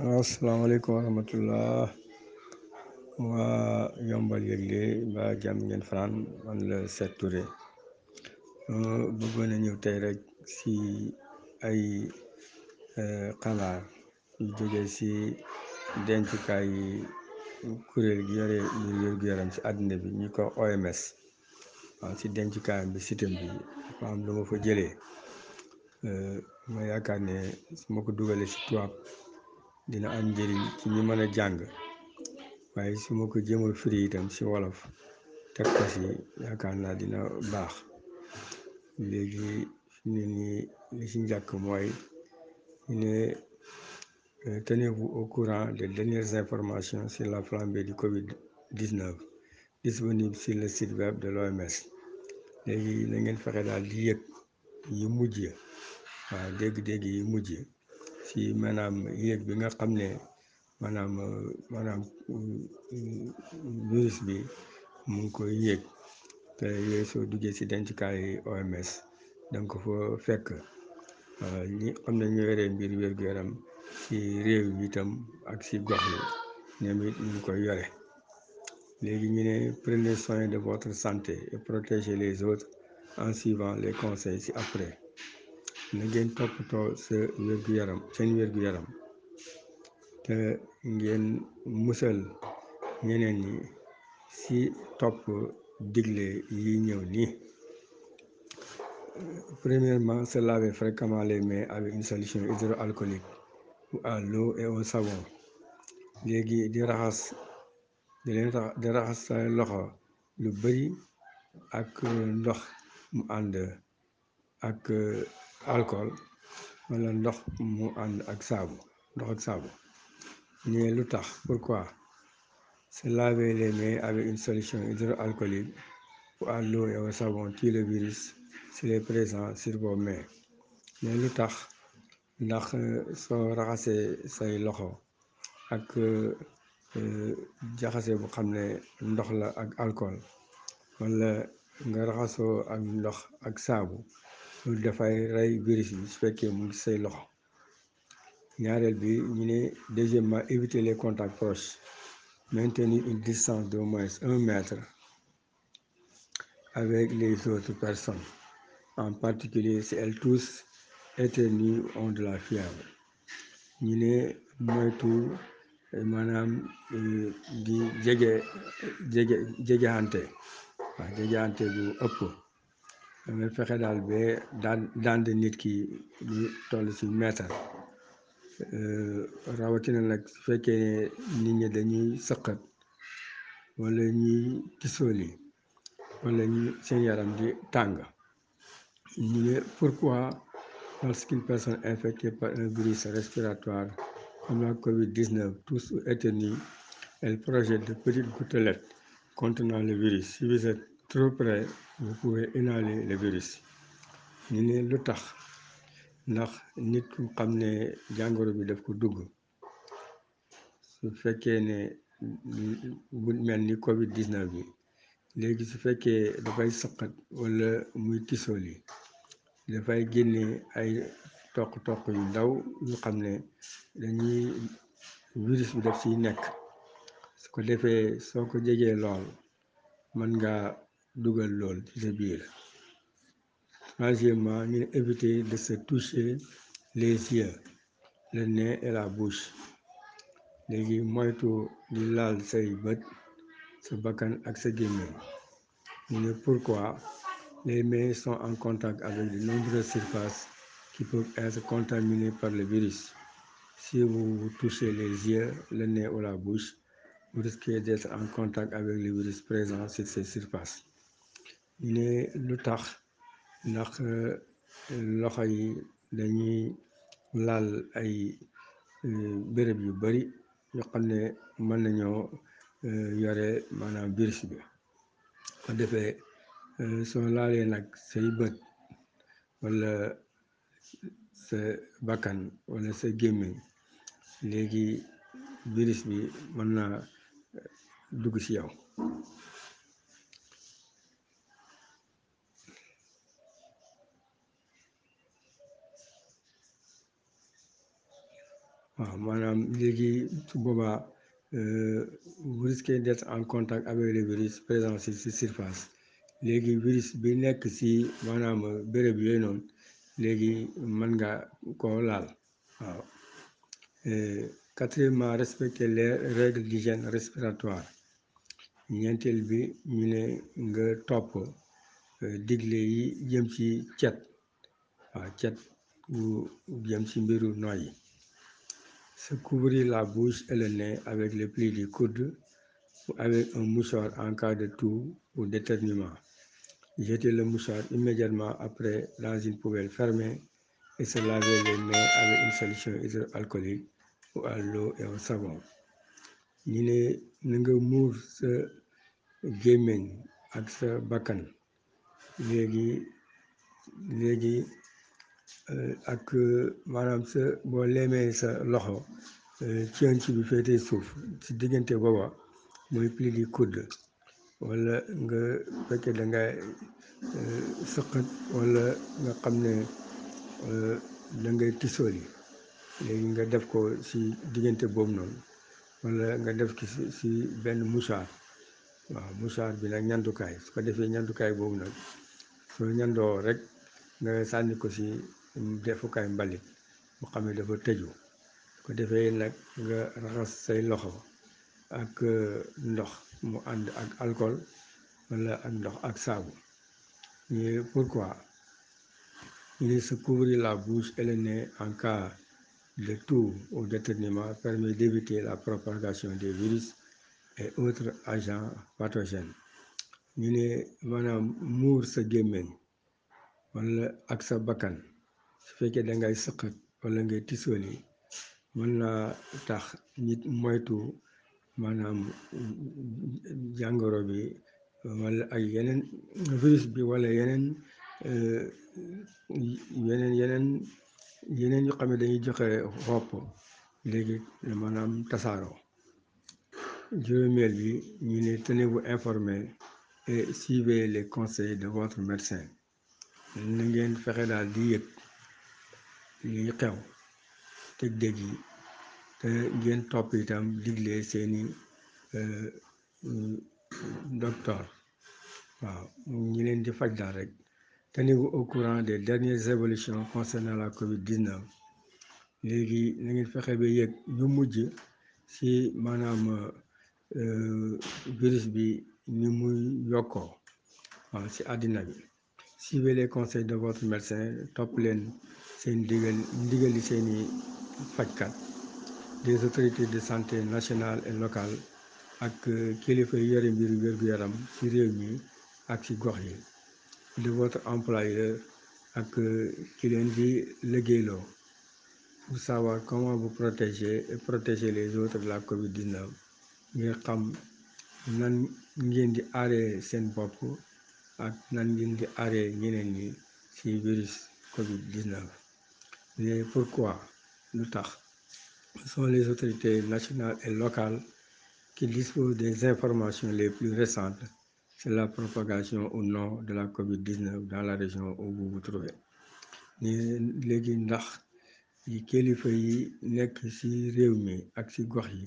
asalaamaaleykum wa rahmatullah waa yombal yëgle ba jàmm ngeen fanaan man la Seet Touré bëggoon a ñëw tey rek si ay e, xabaar yu jógee si dencukaay yi kuréel gi yore ñu wérgu yaram si àddina bi ñu ko OMS waaw si dencukaay bi sitam bi am lu ma fa jëlee e, ma yaakaar ne su ma ko dugalee si tubaab dina am njëriñ ci ñi mën a jàng waaye su ma ko jéem a firi si wolof teg ko si yaakaar naa dina baax léegi fi ne nii si njëkk mooy ñu ne euh, tenez-vous au courant des dernières informations sur la flambée du Covid-19 disponible sur le site web de l'OMS léegi na fexe daal di yëg yu mujj waaw dégg-dégg yu mujj si maanaam yéeg bi nga xam ne maanaam euh, maanaam euh, virus bi mu ngi koy yéeg te yooyu si duggee ci dencukaay OMS danga ko fa fekk euh, ñi xam ne ñoo yore mbir wér-gu-yaram si réew yi itam ak si gox yi ñoom it ñu ngi koy yore léegi ñu ne prenez soin de votre santé et protégez les autres en suivant les conseils si après na ngeen toppatoo sa wérgu yaram seen yaram te ngeen musal ñeneen ñi si topp digle yi ñëw nii premièrement se laver fréquemment les mains avec une solution hydroalcoolique ou à et au savon léegi di raxas di raxas sa loxo lu bëri ak ndox mu ànd ak alcool wala ndox mu ànd ak saabu ndox ak saabu ñu ne lu tax pourquoi se laver les mains avec une solution hydroalcoolique ou à l'eau et au savon tue le virus s'il est présent sur vos mains mais lu tax ndax euh, soo raxasee say loxo ak euh, jaxasee bu xam ne ndox la ak alcool wala nga raxasoo ak ndox ak saabu loolu dafay rey virus bi su fekkee mu ngi say loxo ñaareel bi ñu ne deuxièmement éviter les contacts proches maintenir une distance d'au moins un mètre avec les autres personnes en particulier si elles toussent éternuent ou ont de la fièvre ñu ne moytu euh, maanaam euh, di jege jege jegeante waaw bu ëpp dangay fexe daal ba daan daande nit ki lu toll ci meetar euh, rawatina nag su fekkee nit ñi dañuy sëqat wala ñuy tisooli wala ñu seen yaram di tàng ñu ne pourquoi parce qu'une personne infectée par un virus respiratoire comme la Covid-19 tous ou éternue elle projette de petites gouttelettes contenant le virus si vous trop près vous pouvez inhaler le virus ñu ne lu tax ndax nit ku xam ne jàngoro bi daf ko dugg su fekkee ne bu mel ni Covid 19 bi léegi su fekkee dafay saqat wala muy tisool yi dafay génne ay toq-toq yu ndaw yu xam ne dañuy virus bi daf siy nekk su ko defee soo ko jegee lool mën ngaa dugal lool ci sa biir troisièmement ñu de se toucher les yeux le nez et la bouche léegi moytu di laal say bët sa bakkan ak sa gémmiñ ñu ne pourquoi les mains sont en contact avec de nombreuses surfaces qui peuvent être contaminées par le virus si vous vous touchez les yeux le nez ou la bouche vous risquez d'être en contact avec le virus présent sur ces surfaces ne lu tax ndax euh, loxo yi dañuy laal ay euh, béréb yu bari yoo xam ne mën nañoo euh, yore maanaam biris bi ko defee soo laalee nag say bët wala sa bakkan wala sa gémmiñ léegi biris bi mën na dugg si yow waaw maanaam léegi su boobaa euh, vous risquez d'être en contact avec le virus présent ci si surface léegi virus bi nekk si maanaam béréb yooyu noon léegi mën nga koo laal waaw euh, quatrièmement respecter les règles d'hygiène respiratoire ñeenteel bi ñu ne nga topp euh, digle yi jëm ci cet waaw cet bu jëm ci mbiru noyyi se couvrir la bouche et le nez avec le pli du coude avec un mouchoir en cas de toux ou d'éternuement. le mouchoir immédiatement après dans une poubelle fermée et se laver les mains avec une solution hydroalcoolique ou à et au savon. ñu ne na nga muur sa gémmiñ ak bakkan léegi léegi Eh, ak maanaam sa boo leemee sa loxo eh, conc bi féetee suuf ci diggante booba mooy pli di kudd wala nga fekkee da nga eh, sëqat wala nga xam ne da ngay tisool yi léegi nga def ko si diggante boobu noonu wala nga def ci si si benn mouchoir waaw mouchoir bi nag ñandukaay su ko defee ñandukaay boobu nag soo ñandoo rek nga sànni ko si defukaay mbalit bu xam ne dafa tëju ko defee nag nga raxas say loxo ak euh, ndox mu ànd ak alcool wala ak ndox ak saabu ñu pourquoi ñu ne se la bouche et en cas de toux ou d'éternuement permet d'éviter la propagation des virus et autres agents pathogènes ñu ne maanaam muur sa gémmiñ wala ak sa bakkan su fekkee da ngay sëqat wala ngay tisool yi mën naa tax nit moytu maanaam jàngoro bi walla ak yeneen virus bi wala yeneen euh, yeneen yeneen yeneen yu xam ne dañuy joxe xopp léegi maanaam tasaaroo juróomeel bi ñu ne tenez-vous informé et suivez les conseils de votre médecin na ngeen fexe daal di yëg lii xew te dëj yi te ngeen topp itam digle seeni euh, docteur waaw ñi leen di faj daal rek te vous au courant des dernières évolutions concernant la Covid-19 léegi na ngeen fexe ba yëg yu mujj si maanaam euh, virus bi ni muy yokkoo waaw si àddina bi suivez les conseils de votre médecin topp leen seen ndigal ndigali seeni fajkat des autorités de santé nationale et locale ak euh, kilifa yore mbiru wérgu yaram ci réew mi ak ci gox yi de votre employeur ak euh, ki leen di liggéeyloo pour savoir comment vous protéger et protéger les autres la COVID-19 ngir xam nan ngeen di aaree seen bopp ak nan ngeen di aaree ñeneen ñi ci virus Covid 19. mais pourquoi lu tax ce les autorités nationales et locales qui disposent des informations les plus récentes sur la propagation ou non de la Covid 19 dans la région où vous vous léegi ndax yi kilifa yi nekk ci réew mi ak ci gox yi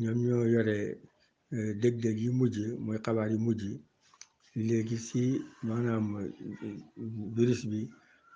ñoom ñoo yore euh, dég-dég yi mujj mooy xabaar yi mujj. léegi si maanaam virus bi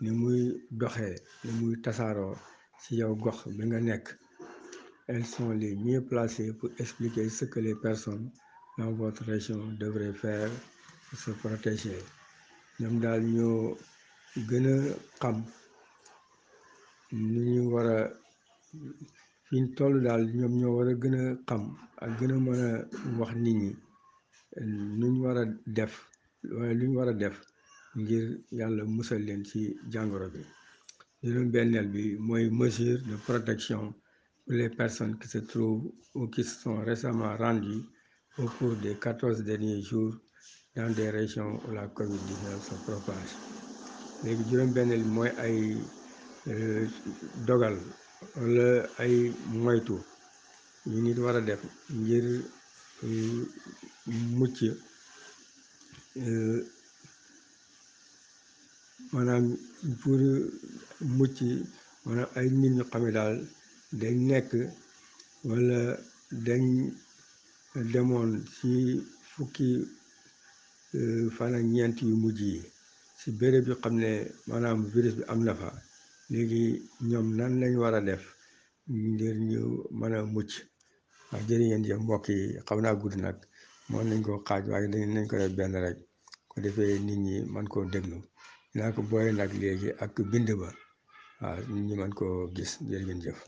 ni muy doxee ni muy tasaaroo si yow gox bi nga nekk elles sont les mieux placées pour expliquer ce que les personnes dans votre région devraient faire se protéger ñoom daal ñoo gën a xam ni ñu war a fi ñu toll daal ñoom ñoo war a gën a xam ak gën a mën wax nit ñi luñ war def wala luñ war a def ngir yàlla musal leen ci jàngoro bi juróom benneel bi mooy mesure de protection pour les personnes qui se trouvent ou qui se sont récemment rendues au cours des quatorze derniers jours dans des régions la Covid-19 se propage juróom benneel bi mooy ay euh, dogal wala ay moytu yu nit war a def ngir mucc eh, maanaam pour mucc maanaam ay nit ñu xam ne daal dañ nekk wala dañ demoon ci fukki eh, fan ak ñeent yu mujj yi si béréb yu xam ne maanaam virus bi am na fa léegi ñoom nan lañ war a def ngir ñu a mucc waaw jërë ngeen jëf mbokk yi xam naa gudd nag moom nañ ko xaaj waaye nañ ko def benn rek ko defee nit ñi man koo déglu dinaa ko boole nag ak bind ba waaw nit ñi man koo gis jërë jëf